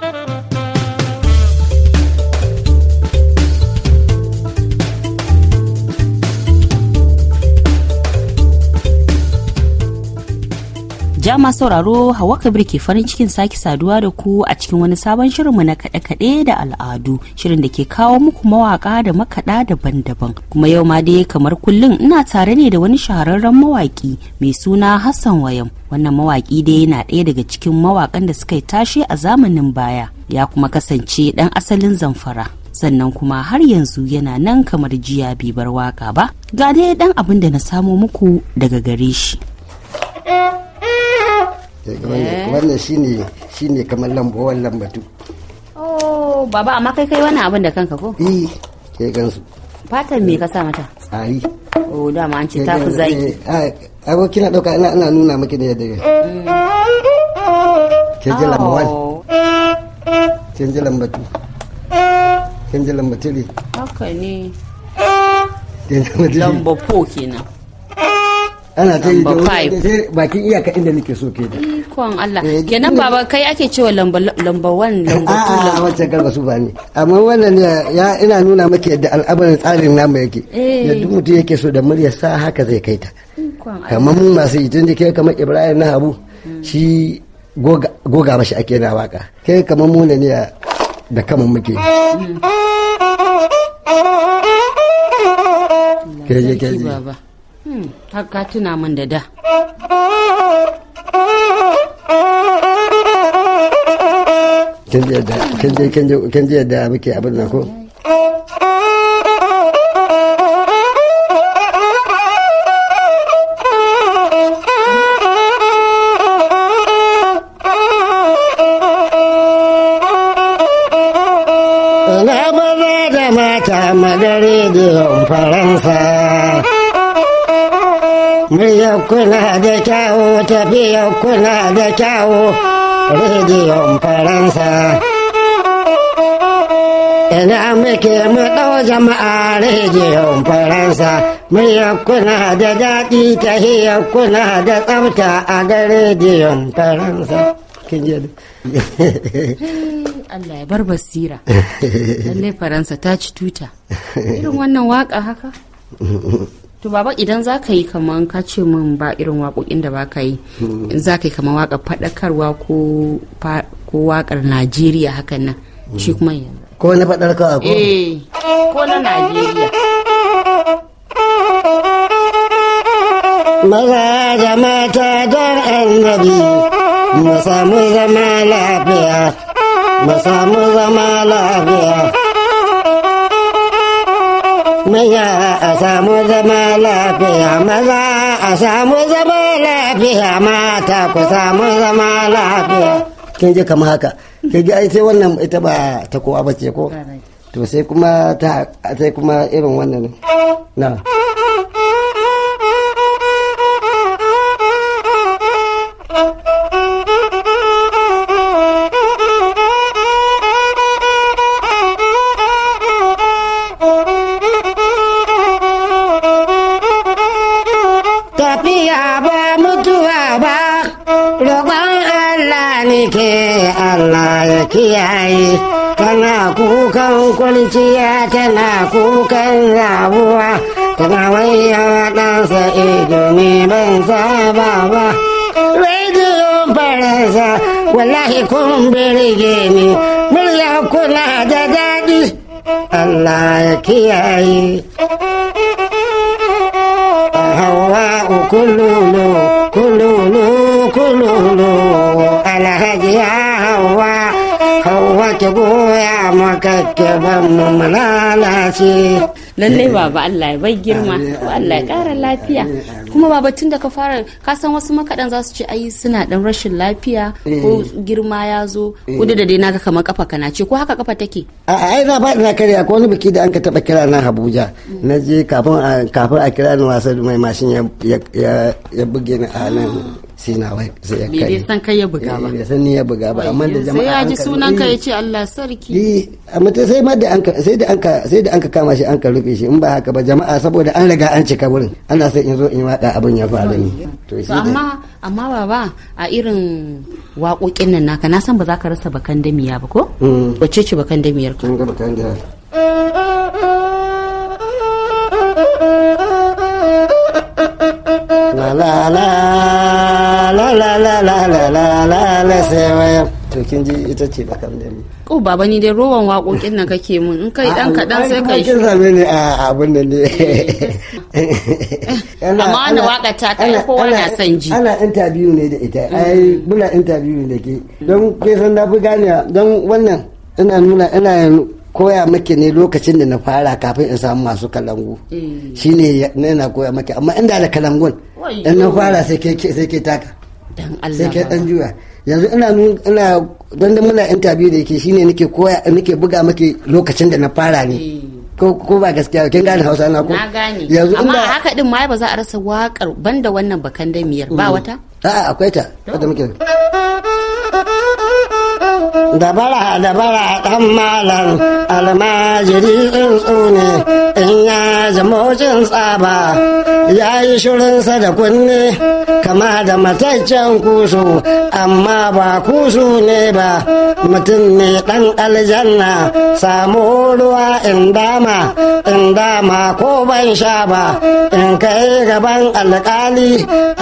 Thank you. ja Jama sauraro Hawa Kabir ke farin cikin sake saduwa da ku a cikin wani sabon shirinmu na kaɗe-kaɗe da al'adu shirin da ke kawo muku mawaƙa da makaɗa daban-daban. Kuma yau ma dai kamar kullum ina tare ne da wani shahararren mawaƙi mai suna Hassan Wayam. Wannan mawaƙi dai yana ɗaya daga cikin mawaƙan da suka yi tashe a zamanin baya ya kuma kasance ɗan asalin zamfara. sannan kuma har yanzu yana nan kamar jiya bai bar waka ba ga dai dan abin da na samo muku daga gare shi. Eh, wannan shi ne kamar lambo wannan batu oh baba amma kai kai wani abin da kanka ko eh ke gansu fatan me eh. ka sa mata o oh, da ma an ce ta fi zaki eh, aboki na dauka ina ina nuna miki ne da mm. ke ji lambawan oh. ke ji lambatu ke ji lambatiri haka ne lamba po kenan ana ta yi da bakin iyaka inda nake so ke da ikon Allah eh, kenan baba kai ake cewa lamba lamba 1 lamba 2 a wancan garba su ba ne amma wannan ya ina nuna maki yadda al'amarin tsarin namu yake eh. yadda mutum yake so da murya sa haka zai kai ta kamar mun masu itin da ke kamar Ibrahim na Habu hmm. shi goga mashi ake na waka kai kamar mu ne da kamar muke hmm. keje keje Hmm, ka tuna min da da. Kin je da muke abin nan ko? tafiyar kuna da kyawu tafiyar kuna da kyawu rediyon faransa ina muke mu ɗau jama'a rediyon faransa muryar kuna da daɗi tahiyar kuna da tsafta a ga rediyon faransa Allah ya bar basira lallai faransa ta ci tuta irin wannan waka haka to baba idan za ka yi kaman ka ce min ba irin waƙoƙin da ba ka yi za ka yi kaman waƙa faɗakarwa ko ko waƙar najeriya hakan nan shi kuma yanzu ko na faɗarka ko eh, ko na najeriya maza da mata don annabi mu samu zama lafiya mu samu zama lafiya maya a samu zama lafiya maza a samu zama lafiya mata ku samu zama lafiya kin ji kamar haka kin ji ai sai wannan ita ba ta kowa bace ko to sai kuma ta sai kuma irin wannan na ke Allah ya kiyaye tana kukan kwanciya tana kukan rabuwa tana wayan ɗansa ido ban saba ba rediyon faransa wallahi kun birge ni murya kula da daɗi Allah ya kiyaye hawa kululu kululu kululu alhaji hawa hawa ki goya maka ki ban mu malalace lallai eh. ba Allah ya bai girma Allah ya kara lafiya kuma ba tun da ka fara ka san wasu makadan za su ce ai suna dan rashin lafiya ko eh. girma ya zo eh. ko da dai naga kamar kafa kana ce ko haka kafa take a ai na ba na karya ko wani biki da an ka taba kira na Abuja mm. na je kafin a kafin a kira ni wasa mai mashin ya ya buge ni a nan ah. sai na wai sai ya kai bai san kai ya buga ba bai san ni ya buga ba amma da jama'a sai ya ji sunan ka ya ce Allah sarki eh amma sai ma da an sai da an sai da an kama shi an ka rufe karbe shi in ba haka ba jama'a saboda an riga an cika wurin ana sai in zo in waka abin ya faru ne to shi amma amma baba a irin waƙoƙin nan naka na san ba za ka rasa bakan damiya ba ko wacce ce bakan damiyar ka ga bakan da la la la la la la la la la la la to kin ji ita ce kan dani ko oh, baba ni dai rowan waƙoƙin nan kake mun in kai dan kaɗan sai kai shi same ni a abin nan. ne amma wannan waka ta kai kowa na son ji ana interview ne da ita ai muna interview ne ke don kai san na fi don wannan ina nuna ina koya maki ne lokacin da na fara kafin in samu masu kalangu eh. shine na koya maki amma inda da kalangun in na fara sai ke taka sai ke dan juya yanzu ina ina don muna interview da yake shine nake koya nake buga maki lokacin da na fara ne eh. ko ba gaskiya kin gane Hausa na ko na gane yanzu amma haka din ma ba za a rasa wakar banda wannan bakan damiyar ba mm. wata a'a akwai ta wadda muke Dabara dabara da dan malam almajiri in tsune in ya zama tsaba ya yi shirinsa da kunne kama da mataccen kusu amma ba kusu ne ba mutum ne dan aljanna samu ruwa in dama in dama ko ban sha ba in kai gaban alkali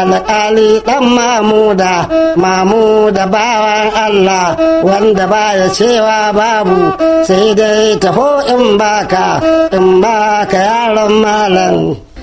alkali dan mamuda mamuda bawan Allah wanda ba ya cewa babu sai dai taho in baka in baka yaron malam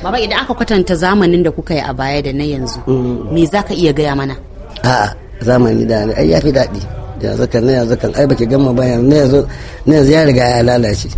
Baba idan aka kwatanta zamanin da kuka yi a baya da na yanzu mm. me za ka iya gaya mana a'a zamani da ai ya fi daɗi yanzu kan na yanzu kan ai baki gama ba yanzu na yanzu ya riga ya lalace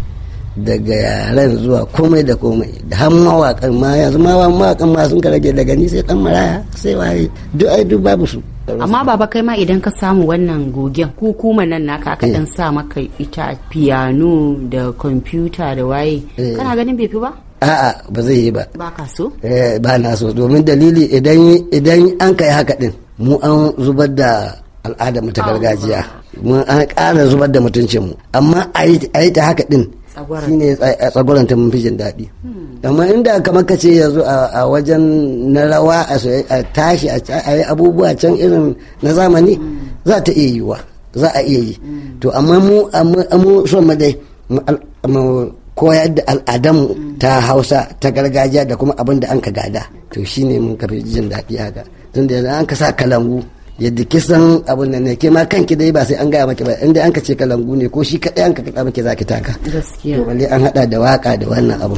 daga yaren zuwa komai da komai da har mawakan ma yanzu ma mawakan ma sun ka rage daga ni sai dan maraya sai waye duk ai duk babu su amma baba kai ma idan ka samu wannan gogen kukuma nan naka aka eh. dan sa maka ita piano da kwamfuta da waye eh. kana ganin bai fi ba a'a ba zai yi ba ba ka so eh, ba na so domin dalili idan an kai haka din mu an zubar da al'adar mu ta gargajiya mu an ƙara zubar da mutuncin mu amma a yi ta haka din shi ne tsagwaron ta fi jin daɗi hmm. amma inda kamar ka ce yanzu a wajen na rawa a tashi a yi abubuwa can irin na zamani hmm. za ta iya yiwa za a iya yi hmm. to amma mu son mu dai koyar da al'adun ta hausa ta gargajiya da kuma abin da an ka gada to shine mun karfi jin daɗi haka tunda yanzu an ka sa kalangu yadda ki san abun nan ne ke ma kanki dai ba sai an gaya maki ba inda an ka ce ka langu ne ko shi kaɗai an ka kaɗa maki zaki taka gaskiya to balle an haɗa da waka da wannan abu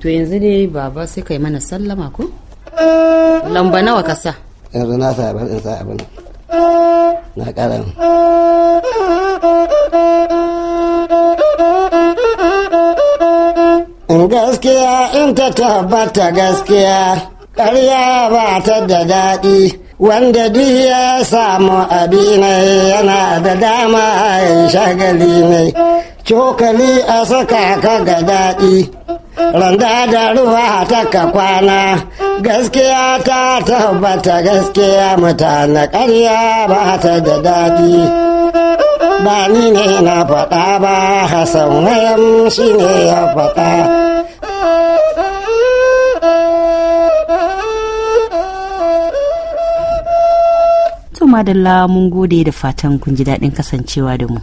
to yanzu ne baba sai kai mana sallama ko lamba nawa ka sa yanzu na sa ban sa abun na karan. gaskiya in ta tabbata gaskiya ƙarya ba ta da daɗi wanda duk ya samu abinai yana da dama ya shagali ne cokali a saka ka ga daɗi randa da ruwa ta ka kwana gaskiya ta tabbata gaskiya mutane karya ba ta da daɗi ba ni ne na faɗa ba Hassan wayan shi ne ya faɗa madalla mun gode da fatan kun ji daɗin kasancewa da mu.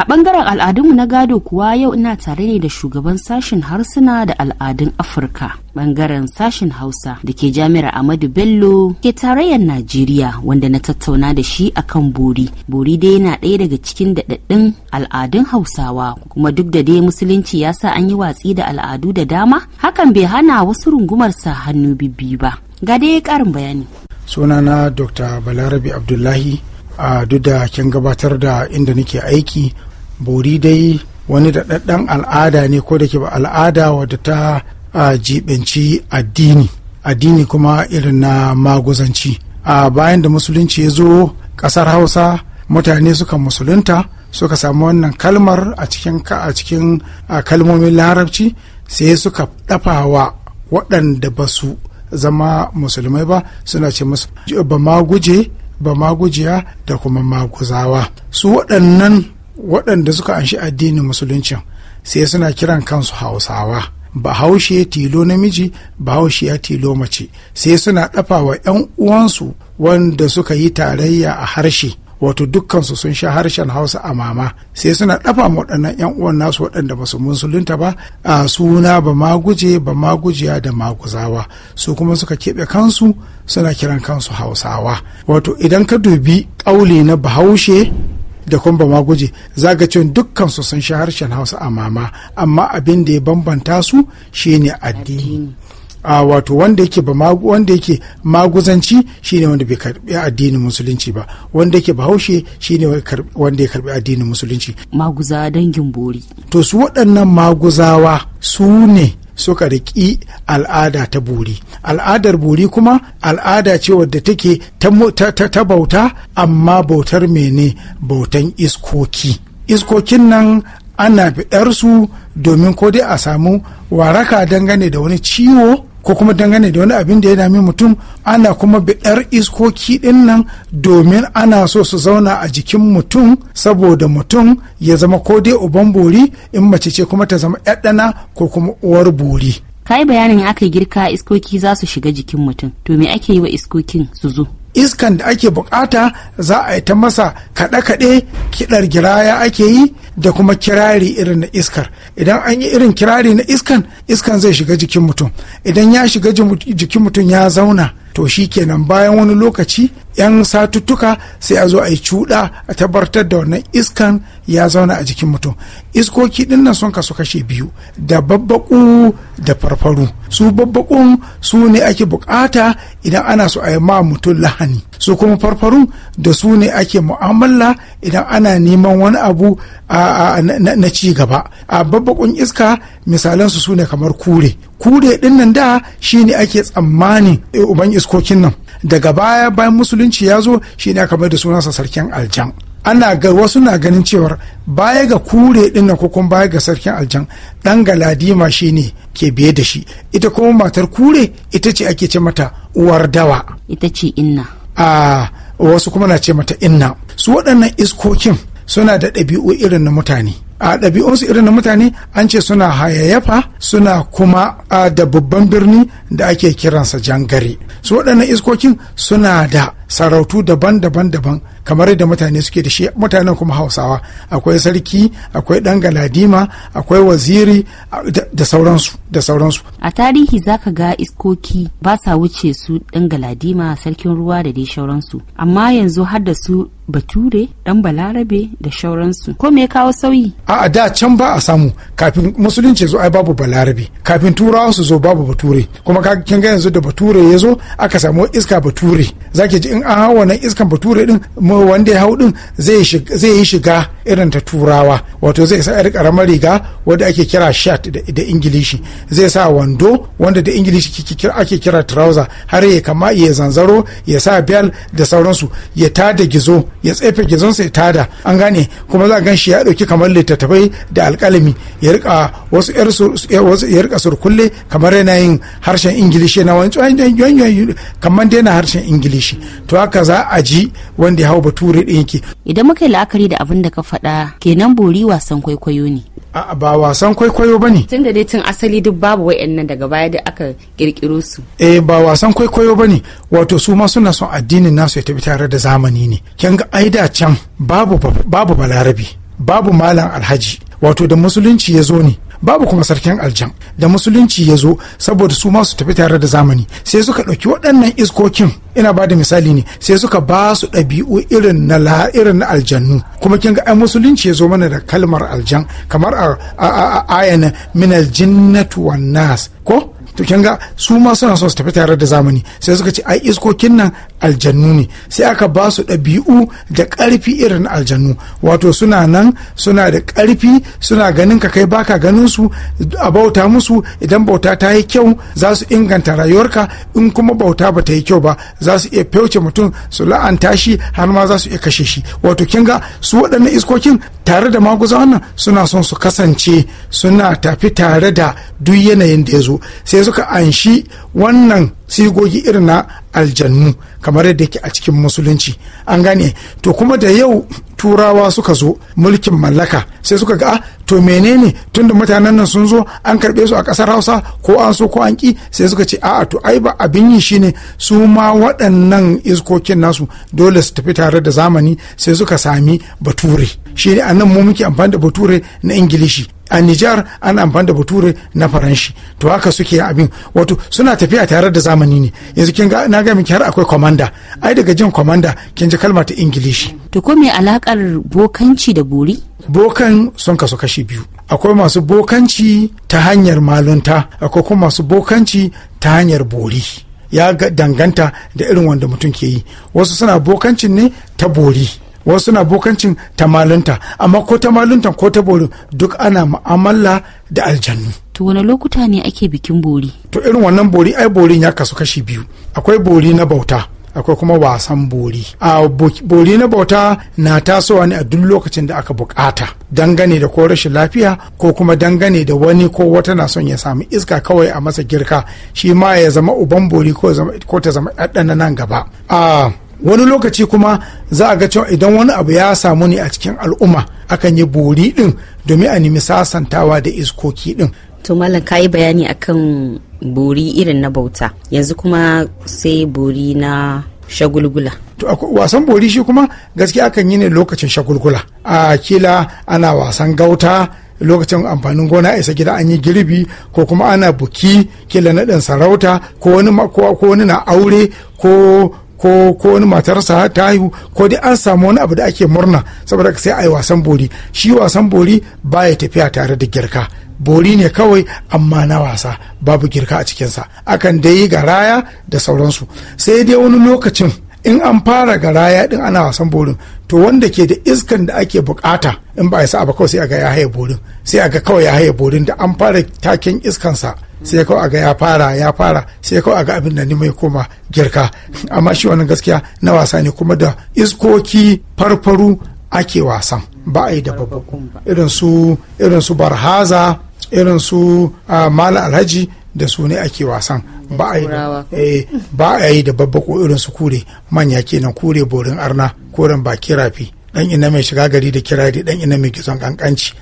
A ɓangaren al'adunmu na gado kuwa yau ina tare ne da shugaban sashen harsuna da al'adun Afirka ɓangaren sashen Hausa da ke jami'ar Amadu Bello ke tarayyar Najeriya wanda na tattauna da shi akan bori. Bori dai yana ɗaya daga cikin daɗaɗɗun al'adun Hausawa kuma duk da dai musulunci ya sa an yi watsi da al'adu da dama hakan bai hana wasu rungumar sa hannu bibbi ba. ga dai karin bayani sunana dr Balarabi abdullahi a duk da kin gabatar da inda nake aiki bori dai wani da al'ada ne ko da ke ba al'ada wadda ta jibinci addini addini kuma irin na maguzanci a bayan da musulunci ya zo ƙasar hausa mutane suka musulunta suka samu wannan kalmar a cikin a cikin kalmomin larabci sai suka dafa wa waɗanda ba su zama musulmai ba suna ce musu ba ma guje ba ma gujiya da kuma maguzawa su waɗannan waɗanda suka anshi addinin musuluncin sai suna kiran kansu hausawa bahaushe haushe tilo namiji bahaushe ya tilo mace sai suna ɗafa wa 'yan uwansu wanda suka yi tarayya a harshe wato dukkansu sun sha harshen hausa a mama sai suna dafa ma waɗannan yan uwan nasu waɗanda ba su musulunta ba a suna ba maguje ba magujiya da maguzawa su kuma suka keɓe kansu suna kiran kansu hausawa wato idan ka dubi ƙauli na bahaushe da kuma maguje cewa dukkansu sun sha harshen hausa a mama amma abin da ya bambanta su shine addini a wato wanda yake ba wanda yake maguzanci shine wanda bai karbi addinin musulunci ba wanda yake bahaushe shine wanda ya karbi addinin musulunci maguza dangin bori to su waɗannan maguzawa su ne suka riƙi al'ada ta buri al'adar buri kuma al'ada ce wadda take ta bauta amma bautar mene bautan iskoki iskokin nan ana fiɗarsu domin ko dai a samu waraka dangane da wani ciwo ko kuma dangane da wani abin da ya dami mutum ana kuma biɗar iskoki ɗin nan domin ana so su zauna a jikin mutum saboda mutum ya zama ko dai uban bori in mace ce kuma ta zama ɗaɗɗana ko kuma uwar bori. ka yi bayanin aka girka iskoki za su shiga jikin mutum to me ake yi wa iskokin su zo iskan da ake bukata za a yi ta masa kaɗe-kaɗe kiɗar giraya ake yi da kuma kirari irin na iskar idan an yi irin kirari na iskan iskan zai shiga jikin mutum idan ya shiga jikin mutum ya zauna to shi kenan bayan wani lokaci 'yan satuttuka sai a zo a yi cuɗa a tabbatar da wannan iskan ya zauna a jikin mutum iskoki ɗin nan sun kasu kashe biyu da babbaƙu da farfaru su babbaƙun su ne ake buƙata idan ana so a yi ma mutum lahani su kuma farfarun da su ne ake mu'amala idan ana neman wani abu a, na, ci gaba a babbaƙun iska misalansu su ne kamar kure kure din nan da shine ake tsammanin eh, uban iskokin nan daga baya bayan musulunci ya zo shine aka bai da sunansa sarkin aljan ana ga wasu na ganin cewar baya ga kure din nan kuma baya ga sarkin aljan dan galadima shine ke biye da shi ita kuma matar kure ita ce ake ce mata uwar dawa ita ce inna a wasu kuma na ce mata inna su waɗannan iskokin suna da ɗabi'u irin na mutane a ɗabi'unsu irin na mutane an ce suna hayayyafa suna kuma da babban birni da ake kiransa jangare su waɗannan iskokin suna da sarautu daban-daban daban kamar yadda mutane suke da shi mutanen kuma hausawa akwai sarki akwai ɗan galadima akwai waziri da sauransu da sauransu a tarihi zaka ga iskoki ba sa wuce su ɗan galadima sarkin ruwa da dai sauransu amma yanzu har da su bature ɗan balarabe da sauransu ko me ya kawo sauyi a'a da can ba a samu kafin musulunci zo ai babu balarabi kafin turawa su zo babu bature kuma kin ga yanzu da bature ya zo aka samu iska bature zaki ji in an hawa nan iskan bature din wanda ya hau din zai yi shiga irin ta turawa wato zai sa yar karamar riga wadda ake kira shirt da ingilishi zai sa wando wanda da ingilishi ake kira trouser har ya kama ya zanzaro ya sa bel da sauransu ya tada gizo ya tsefe gizonsa ya tada an gane kuma za a gan shi ya dauki kamar littattafai da alkalami ya rika wasu ya rika surkulle kamar yanayin harshen ingilishi na wani kamar dai na harshen ingilishi to haka za a ji wanda ya hau bature ɗin yake idan muka yi la'akari da abin da ka faɗi faɗa kenan bori wasan kwaikwayo ne A'a ba wasan kwaikwayo ba ne. Tun da dai tun asali duk babu nan daga baya da aka kirkiro su. Eh ba wasan kwaikwayo ba ne wato su ma suna son addinin nasu ya tafi tare da zamani ne. Kin ga ai da can babu babu balarabi babu malam alhaji wato da musulunci ya zo ne babu kuma sarkin aljan da musulunci ya zo saboda su ma su tafi tare da zamani sai suka ɗauki waɗannan iskokin ina bada misali ne sai suka ba su ɗabi'u irin na la'irin na aljannu kuma kin ga ai musulunci ya zo mana da kalmar aljan kamar a ayana min aljinnatu wan nas ko to kin ga su ma suna so su tafi tare da zamani sai suka ce ai iskokin nan aljannu ne sai aka ba su ɗabi'u da ƙarfi irin aljannu wato suna nan suna da ƙarfi suna ganin ka kai baka ganin su a bauta musu idan bauta ta yi kyau za su inganta rayuwarka in kuma bauta ba ta yi kyau ba za su iya fauce mutum su la'anta shi har ma za su iya kashe shi wato kin ga su waɗannan iskokin tare da maguza wannan suna son su kasance suna tafi tare da duk yanayin da ya zo sai suka anshi wannan sigogi irin na aljannu kamar yadda yake a cikin musulunci an gane to kuma da yau turawa suka zo mulkin mallaka sai suka ga ah, to menene tunda mutanen nan sun zo an karbe su a kasar hausa ko an so ko an ki sai suka ce a'a to ai ba abin yi shine su ma waɗannan iskokin nasu dole su tafi tare da zamani sai suka sami bature shine ne a nan mu muke amfani da bature na ingilishi a nijar an amfani da bature na faranshi to haka suke abin wato suna tafiya tare da zamani ne yanzu kin ga na ga miki har akwai commander ai daga jin commander kin ji kalmar ta ingilishi to ko me alakar bokanci da bori bokan sun kasu kashi biyu akwai masu bokanci ta hanyar malunta akwai kuma masu bokanci ta hanyar bori ya danganta da irin wanda mutum ke yi wasu suna bokancin ne ta bori wasu na bokancin tamalinta amma ko tamalinta ko ta bori duk ana mu'amala da aljannu to wani lokuta ne ake bikin bori to irin wannan bori ai borin ya kasu kashi biyu akwai bori na bauta akwai kuma wasan bori a bori na bauta na tasowa ne a duk lokacin da aka bukata dangane da ko rashin lafiya ko kuma dangane da wani ko wata na son ya samu iska kawai a masa girka shi ma ya zama uban bori ko ta zama ɗaɗɗana nan gaba a wani lokaci kuma za a ga cewa idan wani abu ya samu ne a cikin al'umma akan yi bori din domin a nemi sasantawa da iskoki din to malam kayi bayani akan bori irin na bauta yanzu kuma sai bori na shagulgula to wasan bori shi kuma gaskiya akan yi ne lokacin shagulgula a kila ana wasan gauta lokacin amfanin gona isa gida an yi girbi ko kuma ana buki kila naɗin sarauta ko wani na aure ko ko ko wani matarsa ta haihu ko dai an samu wani abu da ake murna saboda sai a yi wasan bori shi wasan bori baya tafiya tare da girka bori ne kawai amma na wasa babu girka a cikinsa akan dai yi garaya da sauransu sai dai wani lokacin in an fara garaya din ana wasan borin to wanda ke da iskan da ake bukata in ba a sa ba kawai sai aga ya haye borin sai aga kawai ya haye borin da an fara taken iskansa sai kawai aga ya fara ya fara sai kawai aga abin da ni mai koma girka amma shi wannan gaskiya na wasa ne kuma da iskoki farfaru ake wasan ba a yi da babbakun irin su irin su barhaza irin su mala alhaji da su ne ake wasan ba a yi da eh, babbako irin su kure manya kenan kure borin arna koren baki rafi dan ina mai shiga gari da kirari dan ina mai gizon kankanci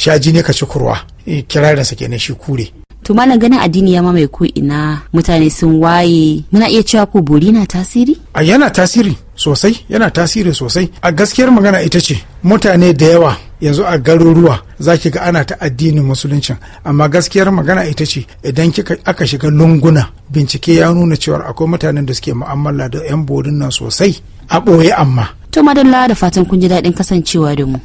shaji ne ka ci kurwa eh, kirarinsa kenan shi kure to malam ganin addini ya mamaye ko ina mutane sun waye muna iya cewa ko bori na tasiri a yana tasiri sosai yana tasiri sosai a gaskiyar magana ita ce mutane da yawa yanzu a garuruwa za ki ga ana ta addinin musuluncin amma gaskiyar magana ita ce idan kika aka shiga lunguna bincike ya nuna cewa akwai mutanen da suke mu'amala da 'yan borin nan sosai a ɓoye amma to madalla da fatan kun ji daɗin kasancewa da mu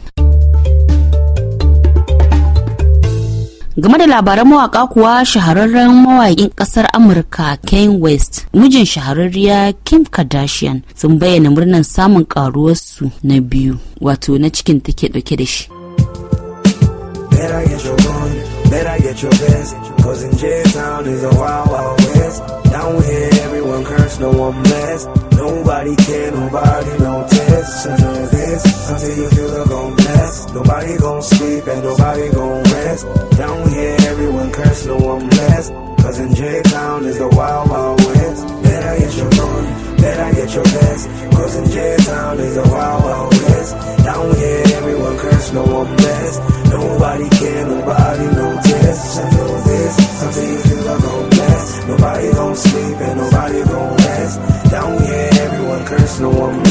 game da labaran mawaka kuwa shahararren mawakin ƙasar amurka kane west mijin shahararriya kim kardashian sun bayyana murnar samun ƙaruwarsu na biyu wato na cikin take ɗauke da shi Nobody care, nobody, no this, this, until you feel the gon' bless. Nobody gon' sleep and nobody gon' rest. Down here, everyone curse, no one bless. Cause in J-Town is the wild, wild west. Better get your gun, better get your best. Cause in J-Town is the wild, wild west. Down here, everyone curse, no one blessed. Nobody care, nobody no test. this, until you feel the gon' bless. Nobody gon' sleep and nobody gon' rest. Down here, everyone curse, no one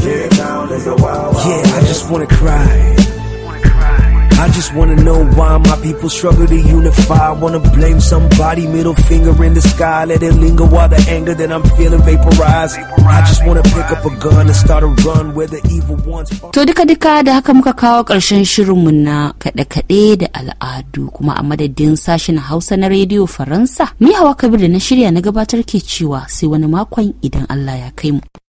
yeah, I just wanna cry. I just wanna know why my people struggle to unify. Wanna blame somebody, middle finger in the sky. Let it linger while the anger that I'm feeling vaporize. I just wanna pick up a gun and start a run where the evil ones. To the duka da haka muka kawo ƙarshen shirinmu na adu kuma amade madadin sashen house na radio Faransa. Ni hawa kabir da na shirya na gabatar ke cewa sai idan